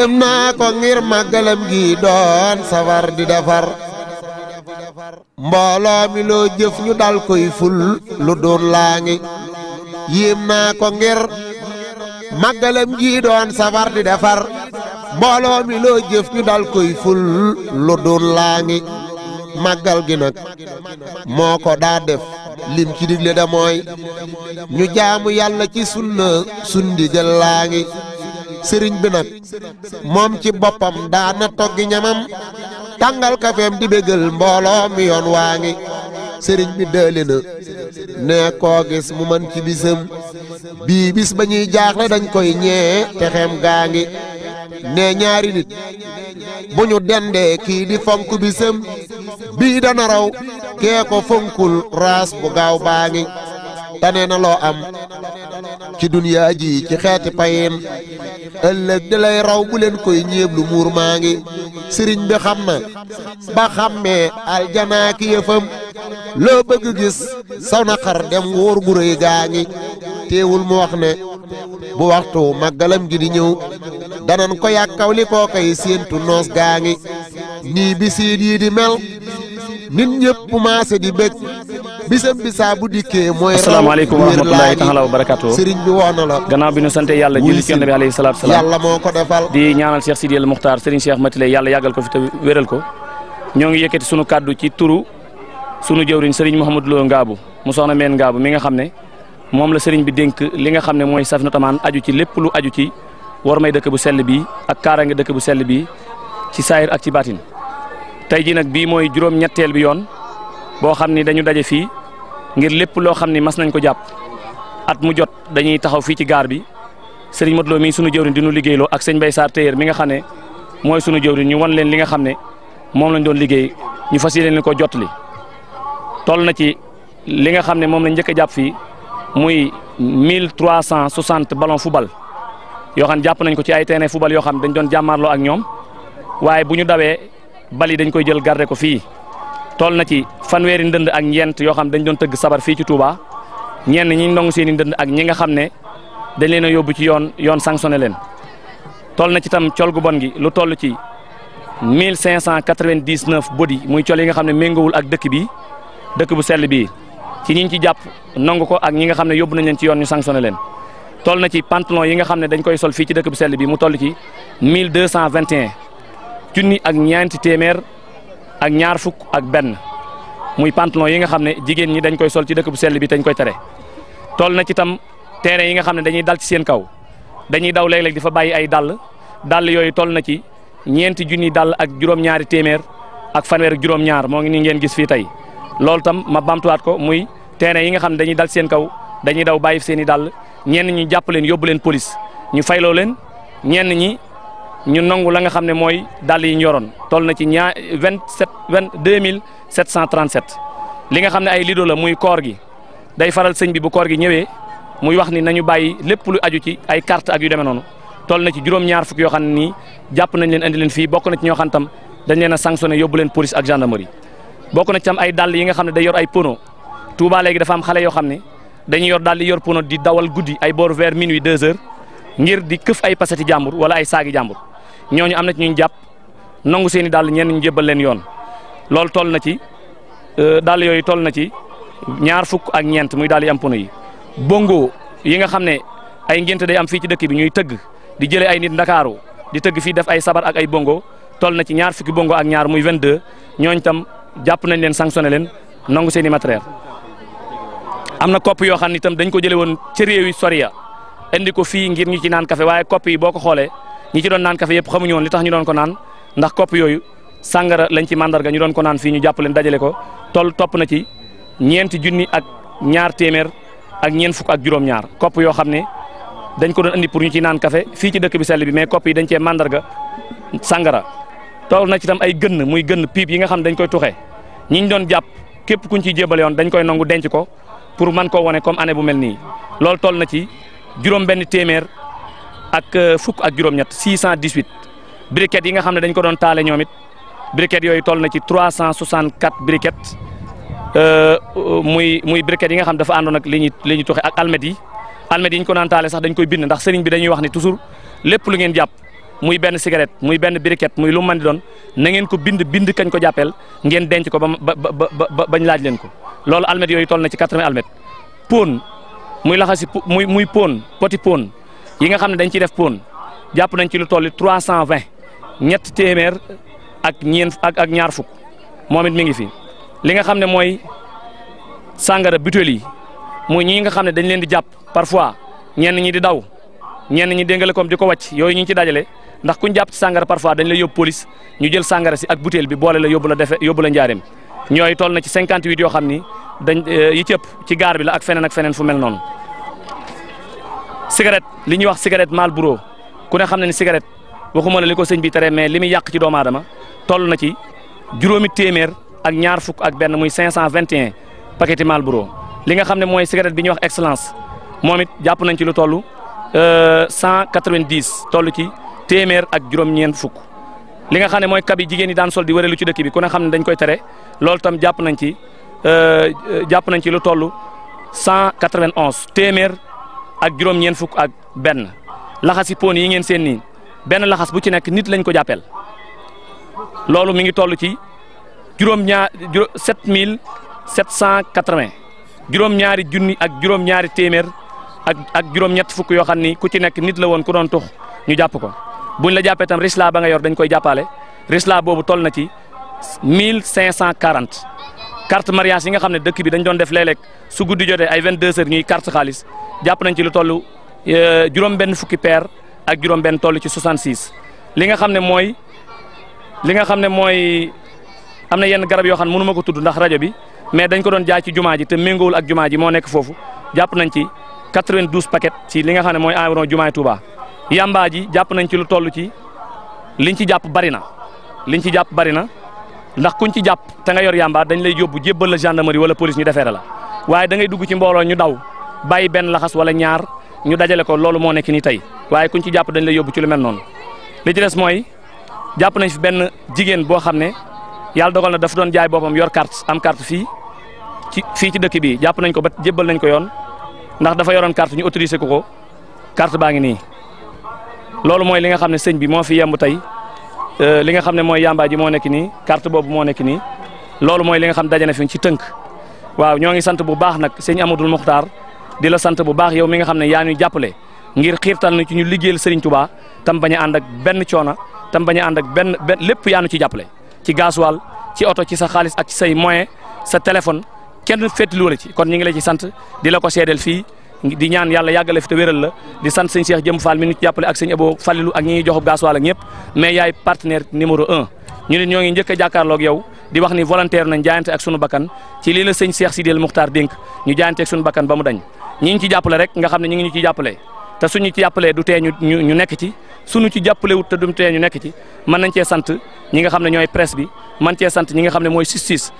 dem màggalam gi doon safar di defar mbooloo mi loo jëf ñu dal koy ful lu laa ngi yéem ko ngir gi doon safar di defar mbooloo mi loo jëf ñu dal koy nag moo ko daa def lim ci digle da ñu jaamu yàlla ci sunna sundi jël laa ngi sëriñ bi nag moom ci boppam daana toggi ñamam tàngal kafeem di bégal mbooloo mi yoon waa ngi sëriñ bi dëli na nee koo gis mu man ci bisam bii bis ba ñuy jaaxle dañ koy ñee te gaa ngi nee ñaari nit bu ñu dendee kii di fonk bisam bii dana raw kee ko fonkul raas bu gaaw baa ngi tane na loo am ci duniyaa ji ci xeeti payin ëllëg di lay raw bu leen koy ñéeblu muur maa ngi sëriñ bi xam na ba xàmmee aljanaa ki yëfam loo bëgg gis saw na xar dem wóor gu rëy gaa ngi teewul mu wax ne bu waxtu màggalam gi di ñëw danan ko yàkkaw li séentu noos gaa ngi nii bisiit yi di mel nit ñëpp maase di bëgg bisam bisaa bu dikkee mooy asalaamaaleykum wa rahmatulahi taala wa barakatu sëriñ bi wax na la gannaaw bi ñu sante yàlla julli ci yonent bi alayhi salaatu salaam yàlla moo ko defal di ñaanal Cheikh Sidy El Moukhtar sëriñ Cheikh Matilay yàlla yàggal ko fi te wéral ko ñoo ngi yëkkati sunu kàddu ci turu sunu jëwriñ sëriñ Mouhamadou Lo Ngaabu mu soxna meen Ngaabu mi nga xam ne moom la sëriñ bi dénk li nga xam ne mooy Safinatul Amaan aju ci lépp lu aju ci war may dëkk bu sell bi ak kaaraange dëkk bu sell bi ci saayir ci baatin tey jii nag bii mooy juróom-ñetteel bi yoon boo xam ni dañu daje fii ngir lépp loo xam ni mas nañ ko jàpp at mu jot dañuy taxaw fii ci gaar bi sëriñ Modou Lo mii sunu jëwriñ di nu liggéeyloo ak sëñ Bay Sarr téyeer mi nga xam ne mooy sunu jëwriñ ñu wan leen li nga xam ne moom lañ doon liggéey ñu fas yéene ko jot li toll na ci li nga xam ne moom lañ njëkk a jàpp fii muy mille trois cent soixante ballon football yoo xam jàpp nañ ko ci ay terrain football yoo xam dañ doon jàmmaarloo ak ñoom waaye bu ñu dawee bali dañ koy jël garde ko fii tool na ci fanweeri ndënd ak ñeent yoo xam dañ doon tëgg sabar fii ci Touba ñenn ñi ndongu seen i ndënd ak ñi nga xam ne dañ leen a yóbbu ci yoon yoon sanctionné leen toll na ci tam col gu bon gi lu toll ci 1599 bodi muy col yi nga xam ne méngowul ak dëkk bi dëkk bu sel bii ci ñi ci jàpp nangu ko ak ñi nga xam ne yóbbu na leen ci yoon ñu sanctionné leen toll na ci pantalon yi nga xam ne dañ koy sol fii ci dëkk bu sell bi mu toll ci 1221 junni ak ñeenti téeméer ak ñaar fukk ak benn muy pantalon yi nga xam ne jigéen ñi dañ koy sol ci dëkk bu sell bi dañ koy tere toll na ci tam terrain yi nga xam ne dañuy dal ci seen kaw dañuy daw léeg-léeg di fa bàyyi ay dàll dàll yooyu toll na ci ñeenti junni dàll ak juróom téeméer ak fanweer ak moo ngi nii ngeen gis fii tey loolu tam ma bamtuwaat ko muy terrain yi nga xam ne dañuy dal ci seen kaw dañuy daw bàyyi seen i dàll ñenn ñi jàpp leen yóbbu leen police ñu fayloo leen ñenn ñi ñu nangu la nga xam ne mooy dàll yi ñu yoroon toll na ci ñaar vingt sept vingt deux mille sept cent trente li nga xam ne ay lido la muy koor gi day faral sëñ bi bu koor gi ñëwee muy wax ni nañu bàyyi lépp lu aju ci ay carte ak yu deme noonu toll na ci juróom-ñaar fukk yoo xam ne nii jàpp nañ leen indi leen fii bokk na ci ñoo xam tam dañ leen a sanctionné yóbbu leen police ak gendarmerie bokk na ci tam ay dàll yi nga xam ne day yor ay pono Touba léegi dafa am xale yoo xam ne dañuy yor dàll yi yor pono di dawal guddi ay boor vers minuit deux heures ngir di këf ay pasati jàmbur wala ay saagi jàmbur ñooñu am na ci ñu jàpp nangu seeni i dàll ñenn ñu jébbal leen yoon loolu toll na ci euh, dàll yooyu toll na ci ñaar fukk ak ñeent muy dàll yi am pono yi bongo yi nga xam ne ay ngente day am fii ci dëkk bi ñuy tëgg di jële ay nit ndakaaru di tëgg fii def ay sabar ak ay bongo toll na ci ñaar fukki bongo ak ñaar muy 22 ñooñu tam jàpp nañ leen sanctionné leen nangu seen i am na kopp yoo xam ne itam dañ ko jële woon ci réew yi soriya indi ko fii ngir ñu ci naan café waaye kopp yi boo ko xoolee ñi ci doon naan kafe yëpp xamuñu woon li tax ñu doon ko naan ndax kopp yooyu sàngara lañ ci mandarga ñu doon ko naan fii ñu jàpp leen dajale ko toll topp na ci ñeenti junni ak ñaar téeméer ak ñeent fukk ak juróom-ñaar kopp yoo xam ne dañ ko doon andi pour ñu ci naan kafe fii ci dëkk bi sell bi mais kopp yi dañ cee mandarga sàngara toll na ci tam ay gënn muy gënn pipe yi nga xam dañ koy tuxee ñi ñu doon jàpp képp kuñ ciy jébale woon dañ koy nangu denc ko pour mën koo wane comme année bu mel nii loolu toll na ci juróom téeméer ak euh, fukk ak juróom-ñett 618 briquettes yi nga xam ne dañ ko doon taale ñoom it briquettes yooyu toll na ci 364 briquettes euh, euh, muy muy briquettes yi nga xam dafa àndoon ak li ñuy li ñuy toxe ak almet yi almet yi ñu ko naan taale sax dañ koy bind ndax sëriñ bi dañuy wax ni toujours lépp lu ngeen jàpp muy benn cigarette muy benn briquette muy lu mën di doon na ngeen ko bind bind kañ ko jàppeel ngeen denc ko ba ba ba ba bañ laaj leen ko loolu almet yooyu toll na ci 80 almet pon muy laxasi muy muy pon poti pon yi nga xam ne dañ ciy def poon jàpp nañ ci lu toll trois cent vingt ñett téeméer ak ñeent ak ak ñaar fukk moom it mi ngi fi li nga xam ne mooy sàngara butéel yi muy ñi nga xam ne dañ leen di jàpp parfois ñeen ñi di daw ñenn ñi déngale comme di ko wàcc yooyu ñu ngi ci dajale ndax ku jàpp ci parfois dañ la yóbbu police ñu jël sàngara si ak butéel bi boole la yóbbu la defe yóbbu la njaareem ñooy toll na ci cinquante huit yoo xam ni dañ euh, yi cëpp ci gaar bi la ak feneen ak feneen fu noonu. cigarette li ñuy wax cigarette Marlboro ku ne xam na ni cigarette waxuma li ko sëñ bi tere mais li muy yàq ci doomu aadama toll na ci juróomi téeméer ak ñaar fukk ak benn muy 521 paqueti Marlboro li nga xam ne mooy cigarette bi ñuy wax excellence moom it jàpp nañ ci lu toll 190 euh, toll ci téeméer ak juróom-ñeent fukk li nga xam ne mooy kab yi jigéen ñi daan sol di wërelu ci dëkk bi ku ne xam ne dañ koy tere loolu tam jàpp nañ ci euh, jàpp nañ ci lu toll 191 téeméer. ak juróom-ñeent fukk ak benn laxasi pon yi ngeen seen nii benn laxas bu ci nekk nit lañ ko jàppeel loolu mi ngi toll ci juróom mille sept cent quatre juróom-ñaari junni ak juróom-ñaari téeméer ak ak juróom-ñett fukk yoo xam ni ku ci nekk nit la woon ku doon tux ñu jàpp ko buñ la jàppee tam risla ba nga yor dañ koy jàppale risla boobu toll na ci mille cinq cent quarante carte mariage yi nga xam ne dëkk bi dañ doon def léeg-léeg su guddi jotee ay 22h ñuy carte xaalis jàpp nañ ci lu toll euh, juróom-benn fukki paire ak juróom-benn toll ci 66. li nga xam ne mooy li nga xam ne mooy am na yenn garab yoo xam ne mënu ma ko tudd ndax rajo bi mais dañ ko doon jaay ci jumaa ji te méngoowul ak jumaa ji moo nekk foofu jàpp nañ ci 92 paquet ci li nga xam ne mooy environ jumaay Touba. yamba ji jàpp nañ ci lu toll ci liñ ci jàpp bari na liñ ci jàpp bari na. ndax kuñ ci jàpp te nga yor yàmba dañ lay yóbbu jébbal la gendarmerie wala police ñu defeere la waaye da dugg ci mbooloo ñu daw bàyyi benn laxas wala ñaar ñu dajale ko loolu moo nekk ni tey waaye kuñ ci jàpp dañ lay yóbbu ci lu li ci des mooy jàpp nañ fi benn jigéen boo xam ne yàlla dogal na dafa doon jaay boppam yor carte am carte fii ci fii ci dëkk bi jàpp nañ ko ba jébbal nañ ko yoon ndax dafa yoroon carte ñu autorisé ko ko kart baa ngi nii loolu mooy li nga xam ne sëñ bi moo fi yemb tey Euh, li nga xam ne mooy yamba ji moo nekk nii carte boobu moo nekk nii loolu mooy li nga xam daje na fi ci tënk waaw ñoo ngi sant bu baax nag sëñ Amadou Mokhtar di la sant bu baax yow mi nga xam ne yaa ñuy jàppale ngir xiirtal na ci ñu liggéeyal Serigne Touba tam bañ a ak benn coona tam bañ ànd ak benn lépp yaa ñu ci jàppale ci gasoil ci oto ci sa xaalis ak ci say moyen sa téléphone kenn féetlu la ci kon ñu ngi la ci sant di la ko seedeel fii di ñaan yàlla yàggale fi te wéral la di sant sëñ Cheikh Jëm Fall mi ñu ci jàppale ak sëñ Abo Fallilu ak ñi ñuy joxub gaasuwaal ak mais yaay partenaire numéro un ñu ne ñoo ngi njëkk a jàkkaarloog yow di wax ni volontaire nañ jaayante ak sunu bakkan ci lii la sëñ Cheikh Sidil Muxtaar dénk ñu jaayante ak sunu bakkan ba mu dañ ñi ngi ci jàppale rek nga xam ne ñi ñu ci jàppale te suñu ci du tee ñu ñu nekk ci suñu ci jàppalewut te du tee ñu nekk ci mën nañ cee sant ñi nga xam ne ñooy presse bi mën cee sant ñi nga xam ne mooy justice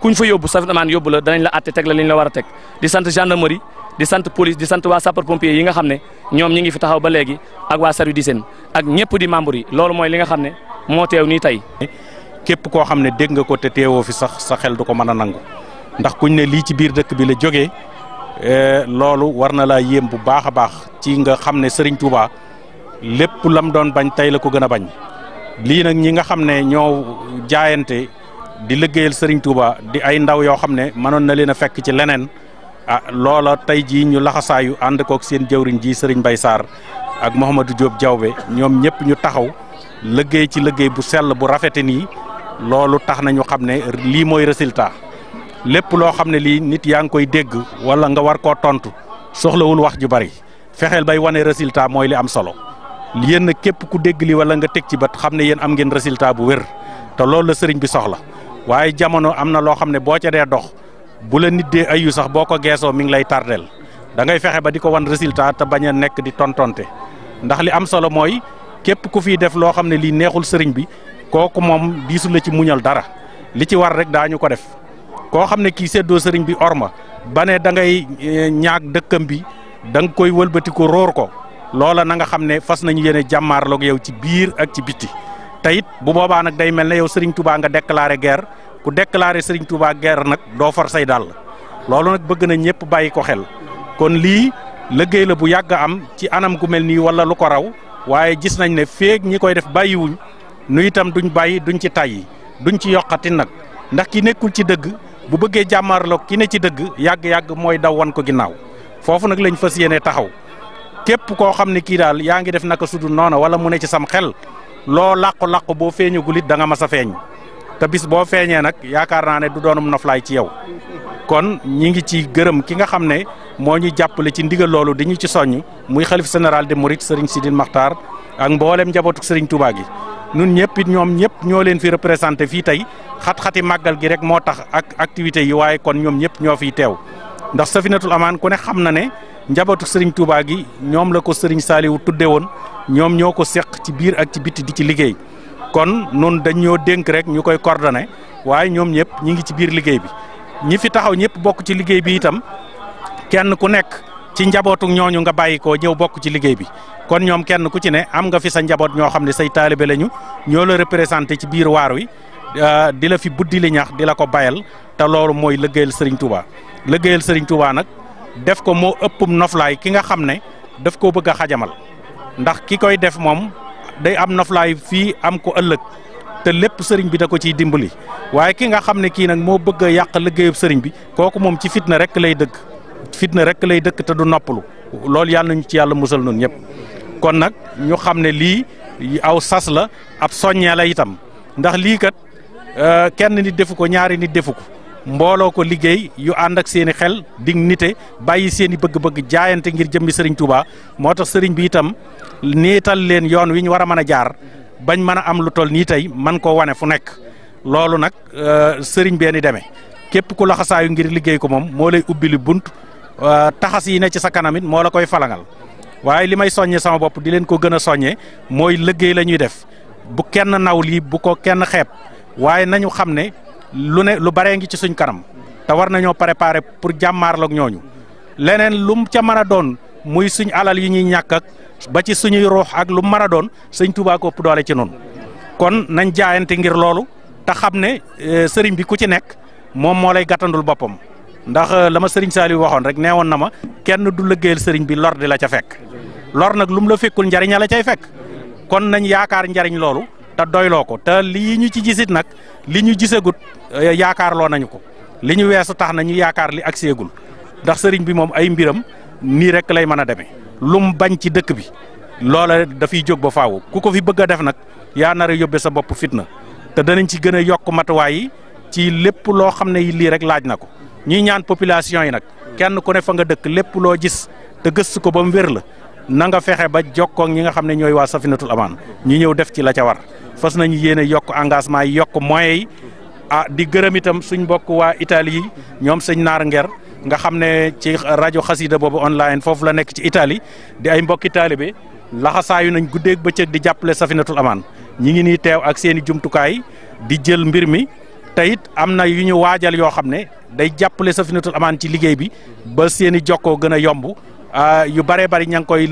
kuñ fa yóbbu safin amaan yóbbu la danañ la àtte teg la li la war a teg di sant gendarmerie di sant police di sant waa sapeur pompier yi nga xam ne ñoom ñi ngi fi taxaw ba léegi ak waa service d'hygiène ak ñëpp di membre yi loolu mooy li nga xam ne moo teew nii tey képp koo xam ne dégg nga ko te teewoo fi sax sa xel du ko mën a nangu ndax kuñ ne lii ci biir dëkk bi la jógee eh, loolu war na laa yéem bu baax a baax ci nga xam ne sëriñ Touba lépp lam doon bañ tey la ko gën a bañ lii nag ñi nga xam ne ñoo jaayante di liggéeyal Serigne Touba di ay ndaw yoo xam ne mënoon na leen a fekk ci leneen ah loola tey jii ñu laxasaayu ànd kook seen jëwriñ ji sëriñ bay saar ak Mouhamadou Diop Diawbe ñoom ñëpp ñu taxaw liggéey ci liggéey bu sell bu rafete nii loolu tax na ñu xam ne lii mooy résultat lépp loo xam ne lii nit yaa ngi koy dégg wala nga war koo tontu soxlawul wax ju bari fexeel bay wane résultat mooy li am solo yéen képp ku dégg li wala nga teg ci bët xam ne yéen am résultat bu wér te loolu la sëriñ bi soxla. waaye jamono am na loo xam ne boo ca dee dox bu la nit dee ayu sax boo ko geesoo mi ngi lay tardeel dangay fexe ba di ko wan résultat te bañ a nekk di tontonte ndax li am solo mooy képp ku fiy def loo xam ne lii neexul sëriñ bi kooku moom diisu la ci muñal dara li ci war rek daañu ko def koo xam ne kii seddoo sëriñ bi orma ba ne da ngay eh, ñaag dëkkam bi danga koy wëlbatiku ko róor ko loola na nga xam ne fas nañu yéene jàmmaarloog yow ci biir ak ci bitti te it bu boobaa nag day mel ne yow Serigne Touba nga déclaré guerre ku déclaré sëriñ Touba ger nag doo far say dàll loolu nag bëgg na ñëpp bàyyi ko xel kon lii liggéey la bu yàgg am ci anam gu mel nii wala lu ko raw waaye gis nañ ne féeg ñi koy def bàyyiwuñ nu itam duñ bàyyi duñ ci tàyyi duñ ci yokkati nag ndax ki nekkul ci dëgg bu bëggee jàmmaarloo ki ne ci dëgg yàgg-yàgg mooy daw wan ko ginnaaw foofu nag lañ fas yéene taxaw képp koo xam ne kii daal yaa ngi def naka sudu noona wala mu ne ci sam loo làqu-làqu boo feeñagul it da nga mas a feeñ te boo feeñee nag yaakaar naa ne du doonum noflaay ci yow kon ñi ngi ci gërëm ki nga xam ne moo ñu jàppale ci ndigal loolu di ñu ci soññ muy xalif sénéral de Mouride Serigne Sidine Maxtaar ak mboolem njabootu Serigne Touba gi nun ñëpp it ñoom ñëpp ñoo leen fi représenté fii tey xat-xati màggal gi rek moo tax ak activités yi waaye kon ñoom ñëpp ñoo fiy teew ndax Safinatul Amaan ku ne xam na ne njabootu sëriñ Touba gi ñoom la ko Serigne Saliou tudde woon ñoom ñoo ko seq ci biir ak ci bitti di ci liggéey kon noonu dañ dénk rek ñu koy coordonné waaye ñoom ñëpp ñi ngi ci biir liggéey bi ñi fi taxaw ñëpp bokk ci liggéey bi itam kenn ku nekk ci njabootu ñooñu nga bàyyi ko ñëw bokk ci liggéey bi kon ñoom kenn ku ci ne am nga fi sa njaboot ñoo xam ne say taalibe lañu ñoo la représenté ci biir waar wi euh, di la fi buddi li ñax di la ko bayal te loolu mooy liggéeyal Serigne Touba liggéeyal nag def ko moo ëppum noflaay ki nga xam ne daf koo bëgg a xajamal ndax ki koy def moom day am noflaay fii am ko ëllëg te lépp sëriñ bi da ko ciy dimbali waaye ki nga xam ne kii nag moo bëgg a yàq liggéeyub sëriñ bi kooku moom ci fitna rek lay dëkk fitna rek lay dëkk te du noppalu loolu yàlla nañu ci yàlla musal noonu ñëpp kon nag ñu xam ne lii aw sas la ab soññee la itam ndax lii kat euh, kenn nit defu ko ñaari nit defu ko mbooloo ko liggéey yu ànd ak seen i xel nite bàyyi seen i bëgg-bëgg jaayante ngir jëmmi sëriñ Touba moo tax sëriñ bi itam niital leen yoon wi ñu war a mën a jaar bañ mën a am lu toll nii tey man ko wane fu nekk loolu nag euh, sëriñ bee ni demee képp ku laxasaayu ngir liggéey ko moom moo lay ubbi li bunt euh, taxas yi ne ci sa kanamit moo la koy falangal waaye li may soññee sama bopp di leen ko gën a soññee mooy liggéey lañuy def bu kenn naw lii bu ko kenn xeeb waaye nañu xam ne lu ne lu baree ngi ci suñ kanam te war nañoo préparer pour jàmmaarloog ñooñu leneen lum ca mën a doon muy suñ alal yi ñuy ñàkk ba ci suñuy ruux ak lum mën a doon sëñ Tuubaa ko ëpp doole ci noonu kon nañ jaayante ngir loolu te xam ne e, sëriñ bi ku ci nekk moom moo lay gàttandul boppam ndax e, la ma sëriñ Saliou waxoon rek neewoon na ma kenn du liggéeyal sëriñ bi lor di la ca fekk lor nag lu la fekkul njariña la cay fekk kon nañ yaakaar njariñ loolu te doyloo ko te li ñu ci gisit nag li ñu gisagut eh, yaakaarloo nañu ko li ñu weesu tax na ñu yaakaar li agseegul ndax sëriñ bi moom ay mbiram nii rek lay mën a demee lum bañ ci dëkk bi loola dafiy jóg ba faaw ku ko fi bëgg a def nag yaa nar a yóbbe sa bopp fitna te danañ ci gën a yokk matuwaay yi ci lépp loo xam ne lii rek laaj na ko ñuy ñaan population yi nag kenn ku ne fa nga dëkk lépp loo gis te gëstu ko ba mu wér la na nga fexe ba jokkoo ñi nga xam ne ñooy waa safinatul amaan ñu ñëw def ci la ca war fas nañu yéene yokk engagement yokk moyens ah di gërëm itam suñ mbokk waa Italie yi ñoom sëñ naar nger nga xam ne ci rajo xasida boobu online foofu la nekk ci Italie di ay mbokki taali be laxasaayu nañ ba bëccëg di jàppale safinatul amaan ñi ngi ni teew ak seeni jumtukaay di jël mbir mi te it am na yu ñu waajal yoo xam ne day jàppale safinatul amaan ci liggéey bi ba seen jokkoo gën a yomb Ah, yu bëree bëri ña ngi koy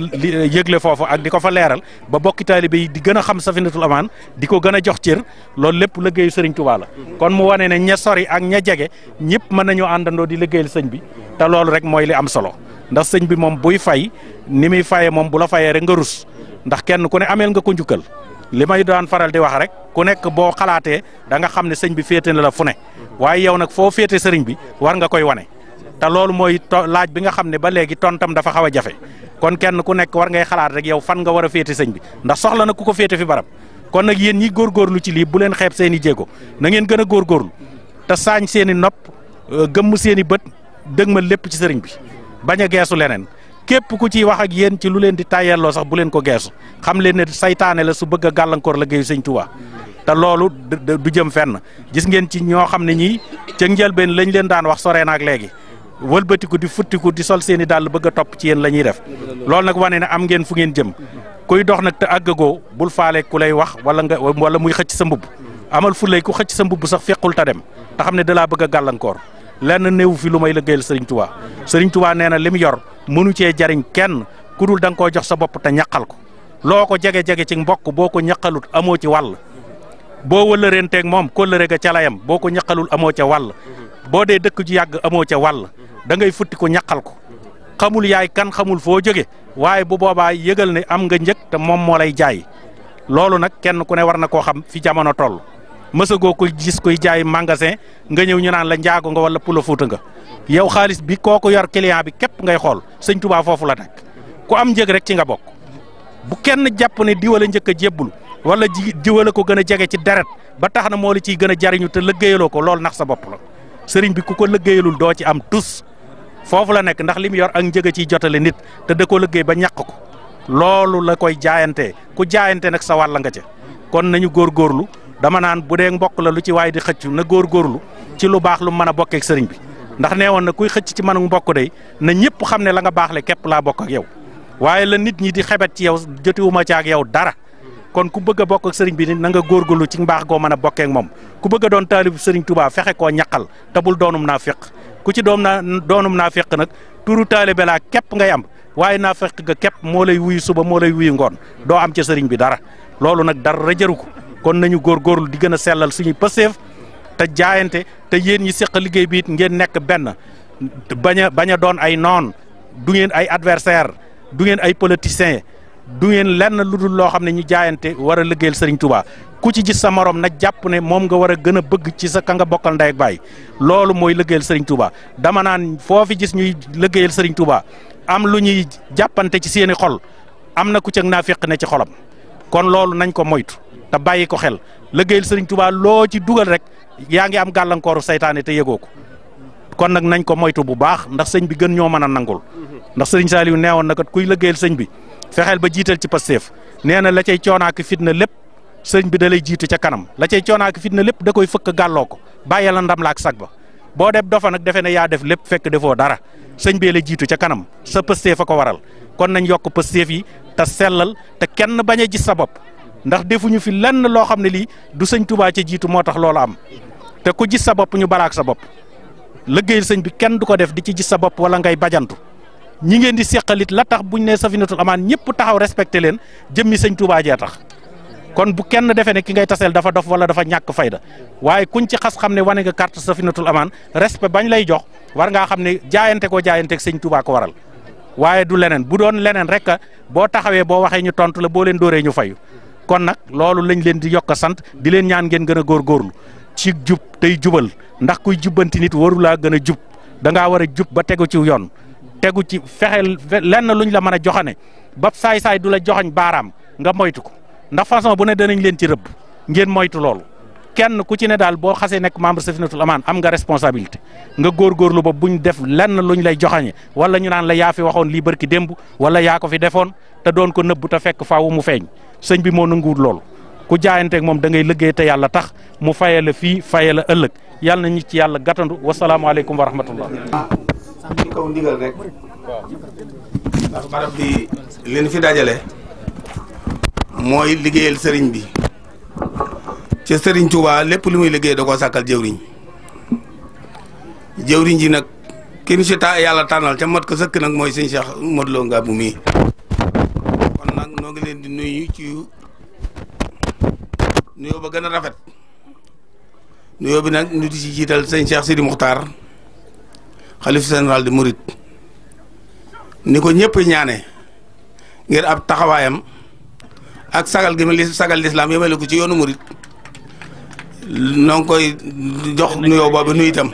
yëgle foofu ak di ko fa leeral ba bokki taalibe yi di gën a xam safinatul amaan di ko gën a jox cër loolu lépp liggéeyu Serigne Touba la kon mu wane ne ña sori ak ña jege ñëpp mën nañoo àndandoo di liggéeyal sëñ bi te loolu rek mooy li am solo ndax sëñ bi moom buy fay ni muy fayee moom bu la fayee rek nga rus ndax kenn ku ne ameel nga ko njukkal li may daan faral di wax rek ku nekk boo xalaatee da nga xam ne sëñ bi féete na la fu ne waaye yow nag bi war nga koy wane te loolu mooy laaj bi nga xam ne ba léegi tontam dafa xaw a jafe kon kenn ku nekk war ngay xalaat rek yow fan nga war a féete sëñ bi ndax soxla na ku ko féete fi barab kon nag yéen ñi góor góorgóorlu ci lii bu leen xeeb seen jéego na ngeen gën a te saañ seen i nopp euh, gëmm seen i bët dëgmal lépp ci sëriñ bi bañ a geesu leneen képp ku ciy wax ak yéen ci lu leen di tàyyelloo sax bu leen ko geesu xam leen ne saytaane la su bëgg a gàllankoor liggéeyu sëñ Tuubaa te loolu du jëm fenn gis ngeen ci ñoo xam ne ñii ca njëlbeen lañ leen daan wax soree na léegi wëlbatiku di futtiku di sol seeni i dàll bëgg a topp ci yéen la ñuy def loolu nag wane ne am ngeen fu ngeen jëm kuy dox nag te àggagoo bul faale ku lay wax wala nga wala muy xëcc sa mbubb amal fu lay ku xëcc sa mbubb sax fekkul ta dem te xam ne dalaa bëgg a gàllankoor lenn néewu fi lu may liggéeyal Serigne Touba Serigne nee na li mu yor mënu cee jariñ kenn ku dul da nga koo jox sa bopp te ñaqal ko loo ko jege-jege ci mbokk boo ko ñaqalut amoo ci wàll boo wëllëreenteeg moom kóllëre ga ca layam boo ko ñaqalul amoo ca wàll boo dee dëkk ju yàgg amoo ca wàll da ngay futti ko ñaqal ko xamul yaay kan xamul foo jóge waaye bu boobaa yëgal ne am nga njëg te moom moo lay jaay loolu nag kenn ku ne war na koo xam fi jamono toll mësagoo ko gis koy jaay magasin nga ñëw ñu naan la njaago nga wala pula fuuta nga yow xaalis bi kooku yor client bi képp ngay xool sëñ Tuubaa foofu la nekk ku am njeg rek ci nga bokk bu kenn jàpp ne diwal diwala njëkk a jébbul wala ji diwala ko gën a jege ci deret ba tax na moo la ciy gën a jariñu te lëggéeyaloo ko loolu nax sa bopp la sëriñ bi ku ko lëggéeyalul doo ci am tus foofu la nekk ndax li mu yor ak njëg ciy jotale nit te da ko liggéey ba ñàq ko loolu la koy jaayante ku jaayante nag sa walla nga ca kon nañu góor góorlu dama naan bu dee mbokk la lu ci waaye di xëcc na góor góorlu ci lu baax lu mën a bokkeek sëriñ bi ndax nee woon na kuy xëcc ci manu mbokk day na ñëpp xam ne la nga baax le képp laa bokk ak yow waaye la nit ñi di xebet ci yow jotiwuma ci ak yow dara kon ku bëgg a bokk ak sëriñ bi ni na nga góorgóorlu ci mbaax goo mën a bokkeek moom ku bëgg doon taalib sëriñ Tuubaa fexe koo ñaqal te bul doonum naa féq ku ci doom naa doonum naa fekk nag turu taalibe laa képp ngay am waaye naa fekk ga képp moo lay wuyu suba moo lay wuyu ngoon doo am ca sëriñ bi dara loolu nag dara jëru ko kon nañu góorgóorlu di gën a sellal suñu pëseef te jaayante te yéen ñi seq liggéey bi it ngeen nekk benn bañ a bañ a doon ay noon du ngeen ay adversaire du ngeen ay politicien du lenn lu dul loo xam ne ñu jaayante war a liggéeyal sëriñ Touba ku ci gis sa moroom na jàpp ne moom nga war a gën a bëgg ci sa kanga bokkal ndey ak baay loolu mooy liggéeyal sëriñ Touba dama naan foo fi gis ñuy liggéeyal sëriñ Touba am lu ñuy jàppante ci seeni xol am na ku ca naafiq ne ci xolam kon loolu nañ ko moytu te bàyyi ko xel liggéeyal sëriñ Touba loo ci dugal rek yaa ngi am gàllankooru seytaane te yëgoo ko kon nag nañ ko moytu bu baax ndax sëñ bi gën ñoo mën a nangul ndax sëriñ Saliou neewoon na kat kuy liggéeyal sëñ bi fexeel ba jiital ci Pastef nee na la cay coonaak fitna lépp sëñ bi da lay jiitu ca kanam la cay coonaak fitna lépp da koy fëkk gàlloo ko bàyyi la ndam la ak sag ba boo def dofa nag defe ne yaa def lépp fekk defoo dara sëñ bee lay jiitu ca kanam sa Pastef a ko waral kon nañ yokk Pastef yi te sellal te kenn bañ a gis sa bopp ndax defuñu fi lenn loo xam ne lii du sëñ Tuubaa ca jiitu moo tax loolu am te ku ji sa bopp ñu baraak sa bopp liggéeyal sëñ bi kenn du ko def di ci gis sa bopp wala ngay bajantu ñi ngeen di seqalit la tax buñ ne safinatul amaan ñëpp taxaw respecté leen jëmmi sëñ jee tax kon bu kenn defee ne ki ngay taseel dafa dof wala dafa ñàkk da waaye kuñ ci xas xam ne wane nga carte safinatul amaan respect bañ lay jox war ngaa xam ne jaayante ko jaayanteeg sëñ Tuubaa ko waral waaye du leneen bu doon leneen rek boo taxawee boo waxee ñu tontu la boo leen dóoree ñu fayu kon nag loolu lañ leen di yokk sant di leen ñaan ngeen gën a góorgóorlu ci jub tey jubal ndax kuy jubbanti nit waru laa gën a jub da ngaa war a jub ba tegu ci yoon tegu ci fexe lenn luñ la mën a joxane ba saay-saay du la joxañ baaraam nga moytu ko ndax façon bu ne danañ leen ci rëbb ngeen moytu lool kenn ku ci ne daal boo xasee nekk membre Safinatul Amaan am nga responsabilité nga góorgóorlu ba buñ def lenn luñ lay joxañe wala ñu naan la yaa fi waxoon lii barki démb wala yaa ko fi defoon te doon ko nëbb ta fekk faawu mu feeñ sëñ bi moo nanguwul lool ku jaayanteeg moom da ngay liggéey te yàlla tax mu fayee la fii faye la ëllëg yàlla na ci yàlla gàttandu wasalaamualeykum wa rahmatullah ci kaw ndigal rek ndax barab bi leen fi dajale mooy liggéeyal sëriñ bi ci sëriñ Tuubaa lépp lu muy liggéey da koo sàkkal jëwriñ jëwriñ ji nag ki ñu si ta yàlla tànnal ca mat ko sëkk nag mooy sëñ Cheikh Modou Lo Ngabou mii kon nag noo ngi leen di nuyu ci nuyoo ba gën a rafet nuyoo bi nag ñu di ci jiital sëñ Cheikh Sidi Muxtaar xalif général de Mouride ni ko ñëpp ñaane ngir ab taxawaayam ak sagal gi li sagal lislaam yemale ko ci yoonu Mouride noo koy jox nuyoo boobu nuyu itam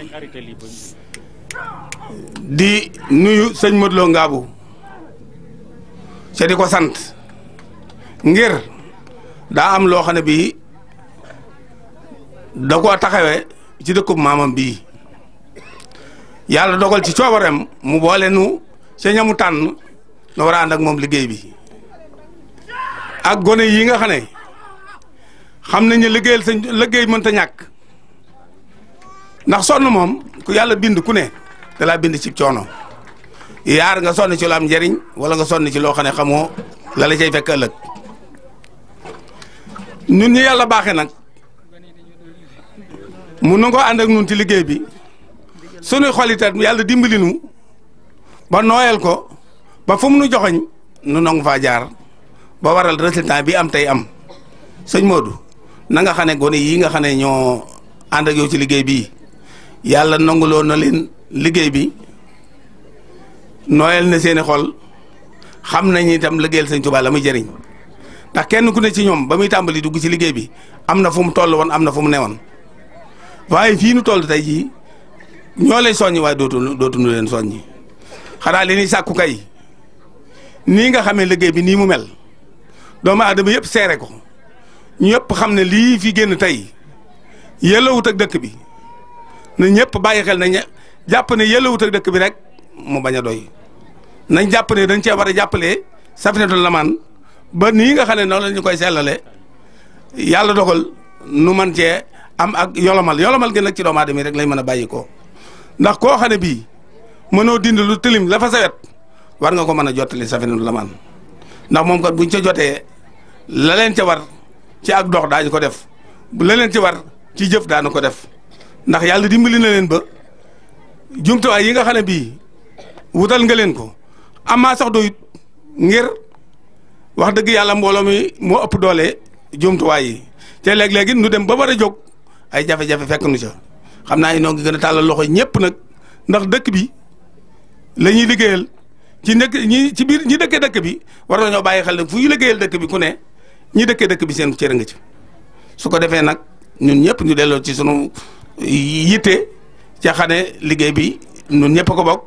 di nuyu sëñ Modou Lo ca di ko sant ngir daa am loo xam ne bii da koo taxawee ci dëkkub maamam bii. yàlla dogal ci coobareem mu boole nu ca ñamu tànn nu war a ànd ak moom liggéey bi ak gone yi nga xam ne xam nañ ne liggéey sa liggéey mënta ñàkk ndax sonn moom ku yàlla bind ku ne da laa bind ci coono yaar nga sonn ci lu am njëriñ wala nga sonn ci loo xam ne xamoo la la cay fekk ëllëg ñun ñi yàlla baaxe nag mun na koo ànd ak ñun ci liggéey bi. suñuy xol itam yàlla dimbali nu ba nooyal ko ba fu mu nu joxoñ nu nong faa jaar ba waral résultat bi am tey am sëñ Modou na nga xam ne gone yii nga xam ne ñoo ànd ak yow ci liggéey bi yàlla nonguloo na liggéey bi nooyal na seeni xol xam nañ itam liggéeyal sëñ Tuubaa la muy jëriñ ndax kenn ku ne ci ñoom ba muy tàmbali dugg ci liggéey bi am na fu mu toll woon am na fu mu newoon waaye fii nu toll tey ñoo lay soññi waaye dootu dootuñu leen soññi xanaa li ñuy sàkku kay nii nga xamee liggéey bi nii mu mel doomu aadama yëpp seere ko ñëpp xam ne lii fi génn tey yellawut ak dëkk bi ñëpp bàyyi xel nañ jàpp ne yellawut ak dëkk bi rek mu bañ a doy nañ jàpp ne dañ cee war a jàppalee Safinatul Amaan ba nii nga xam ne noonu la ñu koy sellale yàlla dogal nu man cee am ak yolomal yolomal gi nag ci doomu aadama yi rek mën a bàyyi ko ndax koo xam ne bii mënoo dindi lu tilim lafa fa sawet war nga ko mën a jottali safinul lamaan ndax moom kat buñ ca jotee la ca war ci ak dox daañu ko def la leen ci war ci jëf daanu ko def ndax yàlla dimbali na leen ba jumtuwaay yi nga xam ne bii wutal nga leen ko amaa sax doyut ngir wax dëgg yàlla mbooloo mi moo ëpp doole jumtuwaay yi te léeg-léegi nu dem ba war a jóg ay jafe-jafe fekk nu ca xam naa ni noo ngi gën a tàllal loxo ñëpp nag ndax dëkk bi lañuy ñuy liggéeyal ci nekk ñi ci biir ñi dëkkee dëkk bi war nañoo bàyyi xel nag fu ñu liggéeyal dëkk bi ku ne ñi dëkkee dëkk bi seen cër nga ci su ko defee nag ñun ñëpp ñu delloo ci sunu yitte ca xam liggéey bi ñun ñëpp ko bokk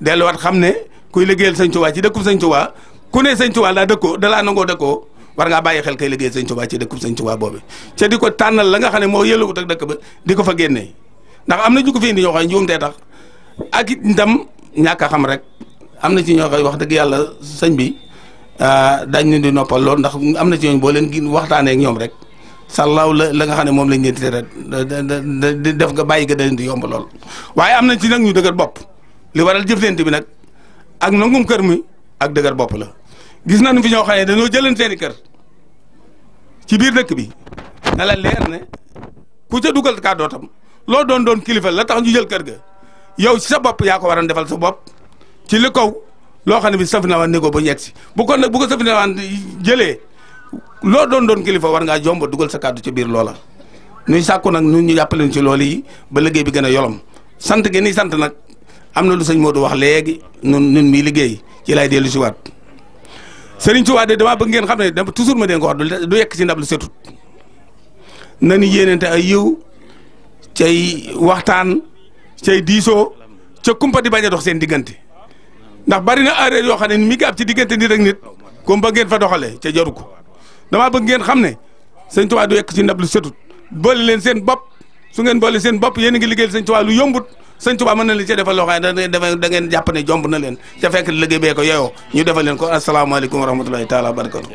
delluwaat xam ne kuy liggéeyal sëñ Tuubaa ci dëkkub sëñ Tuubaa ku ne sëñ Tuubaa daa dëkkoo dalaa nangoo dëkkoo war ngaa bàyyi xel kay liggéeyal sëñ Tuubaa ci dëkkub sëñ Tuubaa boobu ca di ko tànnal la nga xam ne moo yëlluwut ak dëkk ba di ko fa génnee ndax am na ñu ko fi indi ñoo xam ne njuumtee tax ak it ndam ñàkk xam rek am na ci ñoo koy wax dëgg yàlla sëñ bi euh, dañ leen di noppal lool ndax am na ci ñooñu boo leen gi waxtaanee ñoom rek sàllaaw la la nga xam ne moom lañ leen di tere di def nga bàyyi nga da leen di yomb waaye am na ci nag ñu dëgër bopp li waral jëflante bi nag ak nangum kër mi ak dëgër bopp la gis nañu fi ñoo xam dañoo jëlan seeni kër ci biir dëkk bi na la leer ne ku ca dugal kàddootam loo doon doon kilifa la tax ñu jël kër ga yow si sa bopp yaa ko waran defal sa bopp ci li kaw loo xam ne bi safinawaan négo ba ñu egg si bu kon nag bu ko safinawaan jëlee loo doon doon kilifa war ngaa jomba dugal sa kàddu ci biir loola ñuy sàkku nag ñun ñu jàppaleen ci loolu yi ba liggéey bi gën a yolom sant gi ni sant nag am na lu sëñ Modou wax léegi nun nun mii liggéey ci laay dellu si waat sëriñ Tuubaa ngeen xam ne toujours ma dee nga wax du yekk si ndab lu setut na ni ay yiw cay waxtaan cay diisoo ca kumpa di bañ a dox seen diggante ndax bari na erreur yoo xam ne mi ngi ci diggante nit ak nit kumpa geen fa doxalee ca jaru ko damaa bëgg ngeen xam ne sëñ Tuubaa du yekk ci ndab lu setut boole leen seen bopp su ngeen boole seen bopp yéen a ngi liggéeyal sëñ Tuubaa lu yombut sëñ Tuubaa mën na leen ca defal loo xam ne da ngeen jàpp ne jomb na leen ca fekk liggéey bee ko yeyoo ñu defal leen ko asalaamaaleykum wa rahmatulahi taala wa barakatu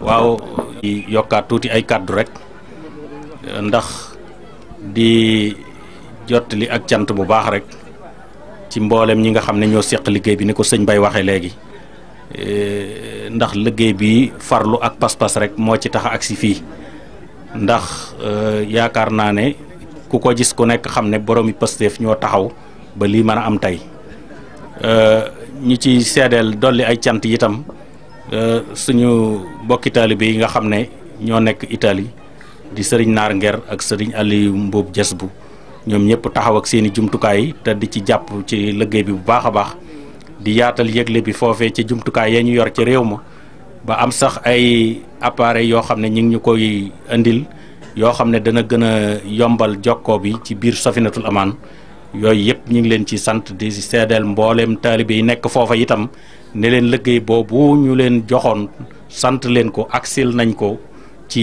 waaw yokkaat tuuti ay kàddu rek ndax di jottali ak cant bu baax rek ci mboolem ñi nga xam ne ñoo seq liggéey bi ni ko sëñ Bay waxee léegi eh, ndax liggéey bi farlu ak pas rek moo ci tax ak si fii ndax eh, yaakaar naa ne ku ko gis ku nekk xam ne boroomi Pastef ñoo taxaw ba lii mën a am tey eh, ñu ci seedeel dolli ay cant yitam suñu bokki taalibe yi nga xam ne ñoo nekk Italie di sëriñ Naar Nger ak sëriñ Aliou Mboob Jes bu ñoom ñëpp taxaw ak seen i jumtukaay te di ci jàpp ci liggéey bi bu baax a baax di yaatal yëgle bi foofee ci jumtukaay ya ñu yor ci réew ma ba am sax ay appareil yoo xam ne ñu ngi ñu koy indil yoo xam ne dana gën a yombal jokkoo bi ci biir Safinatul Amaan yooyu yëpp ñu ngi leen ci sant di seddal mbooleem taalibe yi nekk foofa itam ne leen liggéey boobu ñu leen joxoon sant leen ko ak aksil nañ ko ci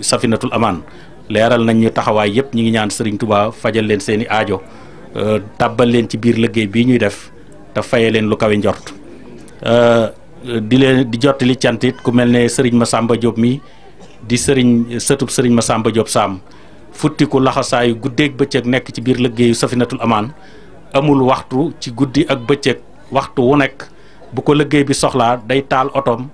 safinatul amaan leeral nañ ñu taxawaay yëpp ñi ngi ñaan Serigne Touba fajal leen seeni i aajo euh, tàbbal leen ci biir liggéey bii ñuy def te faye leen lu kawe njort euh, di leen di jottali cantit ku mel ne ma sàmba Diop mi di sëriñ sëtub Serigne Massamba Diop Sam futtiku laxasaayu guddeeg bëccëg nekk ci biir liggéeyu safinatul amaan amul waxtu ci guddi ak bëccëg waxtu wu nekk bu ko liggéey bi soxlaa day taal otoom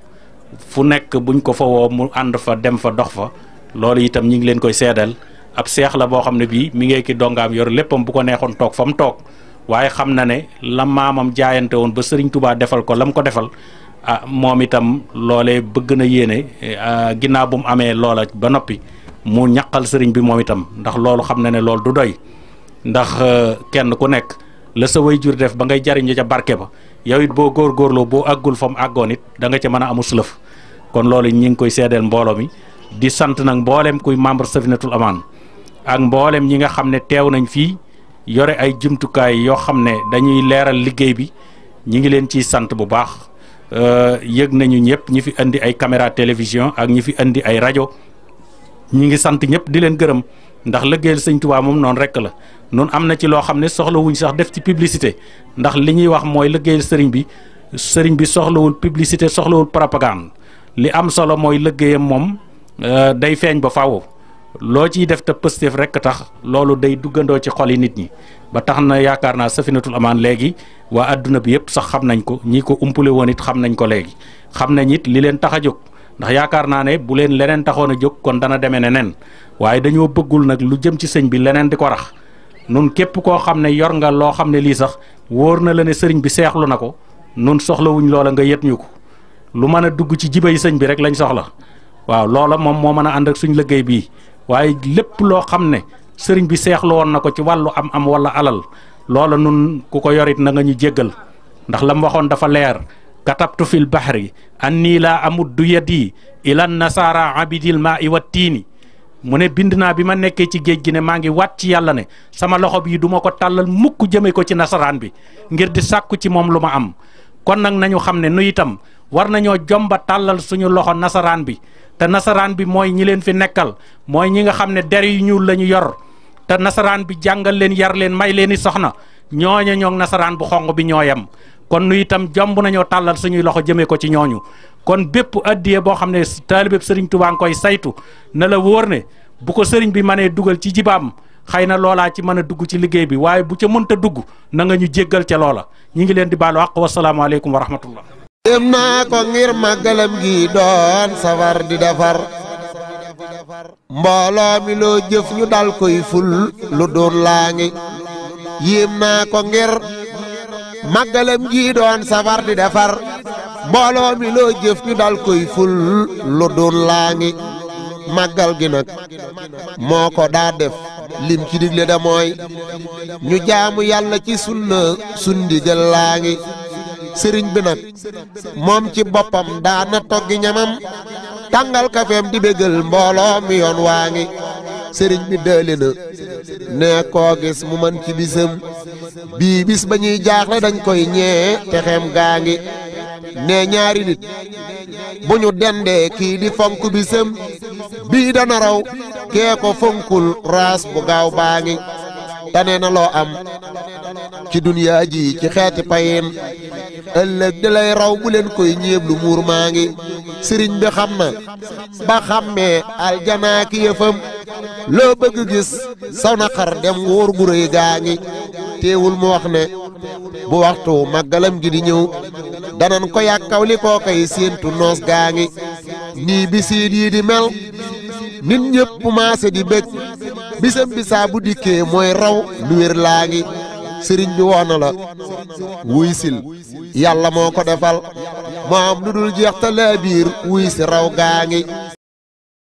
fu nekk buñ ko fa woo mu ànd fa dem fa dox fa loolu itam ñi ngi leen koy seedal ab seex la boo xam ne bii mi ngi ki dongaam yor léppam bu ko neexoon toog fa toog waaye xam na ne la maamam jaayante woon ba Serigne Touba defal ko lam ko defal a ah, moom itam loole bëgg na yéene ah, ginnaaw bu mu amee loola ba noppi mu ñaqal sëriñ bi moom itam ndax loolu xam na ne loolu du doy ndax eh, kenn ku nekk la sa way jur def ba ngay jariñu ca barke ba yow it boo góorgóorloo boo àggul fa mu àggoonit it da nga ca mën a amus lëf kon loolu ñi ngi koy seedeel mbooloo mi di sant nag mbooleem kuy membre Safinatul Amaan ak mbooleem ñi nga xam ne teew nañ fii yore ay jumtukaay yoo xam ne dañuy leeral liggéey bi ñi ngi leen ciy sant bu baax euh, yëg nañu ñëpp ñi fi indi ay caméra télévision ak ñi fi indi ay rajo ñi ngi sant ñëpp di leen gërëm ndax lëggéeyal sëñ Tuubaa moom noonu rek la nun am na ci loo xam ne soxlawuñ sax def ci publicité ndax li ñuy wax mooy lëggéeyal sëriñ bi sëriñ bi soxlawul publicité soxlawul propagande li am solo mooy lëggéeyam moom euh, day feeñ ba faw loo ciy def te positif rek tax loolu day duggandoo ci xol yi nit ñi ba tax na yaakaar naa safinatul amaan léegi waa adduna bi yëpp sax xam nañ ko ñi ko umpule woon it xam nañ ko léegi xam nañ it li leen tax jóg. ndax yaakaar naa ne bu leen leneen taxoon a jóg kon dana demee ne nen waaye dañoo bëggul nag lu jëm ci sëñ bi leneen di ko rax nun képp koo xam ne yor nga loo xam ne lii sax wóor na la ne sëriñ bi seexlu na ko nun soxlawuñ loola nga yet ñu ko lu mën a dugg ci jibay sëñ bi rek lañ soxla waaw loola moom moo mën a ànd ak suñ liggéey bii waaye lépp loo xam ne sëriñ bi seexlu woon na ko ci wàllu am am wala alal loola nun ku ko yorit na nga ñu jéggal ndax la mu dafa leer katabtu fil bahri anni laa amuddu yadi ilan nasaara abidil maa'i iwa tiini mu ne bind naa bi ma nekkee ci géej gi ne maa ngi waat ci yàlla ne sama loxo bii duma ko tàllal mukk jëme ko ci nasaraan bi ngir di sàkku ci moom lu ma am kon nag nañu xam ne nu itam war nañoo jomba tàllal suñu loxo nasaraan bi te nasaraan bi mooy ñi leen fi nekkal mooy ñi nga xam ne der yu ñuul la ñu yor te nasaraan bi jàngal leen yar leen may leen i soxna ñooña ñoog nasaraan bu xonq bi ñooyam kon nu itam jomb nañoo tàllal suñuy loxo jëmee ko ci ñooñu kon bépp addiye boo xam ne taalibeb sëriñ tubaa nga koy saytu na la wóor ne bu ko sëriñ bi mënee dugal ci jibaam xëy na loolaa ci mën a dugg ci liggéey bi waaye bu ca mënta dugg nanga ñu jéggal ca loola ñu ngi leen di baalu àq wasalaamaaleykum wa rahmatullah dem naa ko ngir màggalam gi doon safar di defar mbooloo mi loo jëf ñu dal koy ful lu doon laa ngi yéem naa ko ngir màggalam gi doon safar di defar mbooloo mi loo jëf ñu dal koy ful lu doon laa ngi màggal gi nag moo ko daa def lim ci digle da mooy ñu jaamu yàlla ci sunna sundigal laa ngi sëriñ bi nag moom ci boppam daana toggi ñamam tàngal kafeem di bégal mbooloo mi yoon waa ngi sëriñ bi dële na nee koo gis mu man ci bisam bii bis ba ñuy jaaxle dañ koy ñee texeem gaa ngi nee ñaari nit bu ñu dendee kii di fonk bisam bii dana raw kee ko fonkul raas bu gaaw baa ngi tane na loo am ci dunyaa ji ci xeeti payin ëllëg di lay raw bu leen koy ñeeblu muur maa ngi sëriñ bi xam na ba xàmmee aljanaa ki yëfam loo bëgg gis saw na dem wóor gu rëy gaa ngi teewul mu wax ne bu waxtu màggalam gi di ñëw danan ko yàkkaw li séentu noos gaa ngi nii bisiit yii di mel nit ñëpp maase di bëgg bisam bisaa bu dikkee mooy raw lu wér laa ngi sëriñ bi woo na la wuy sil yàlla moo ko defal moo am lu dul jeex te laa wuy si raw gaa ngi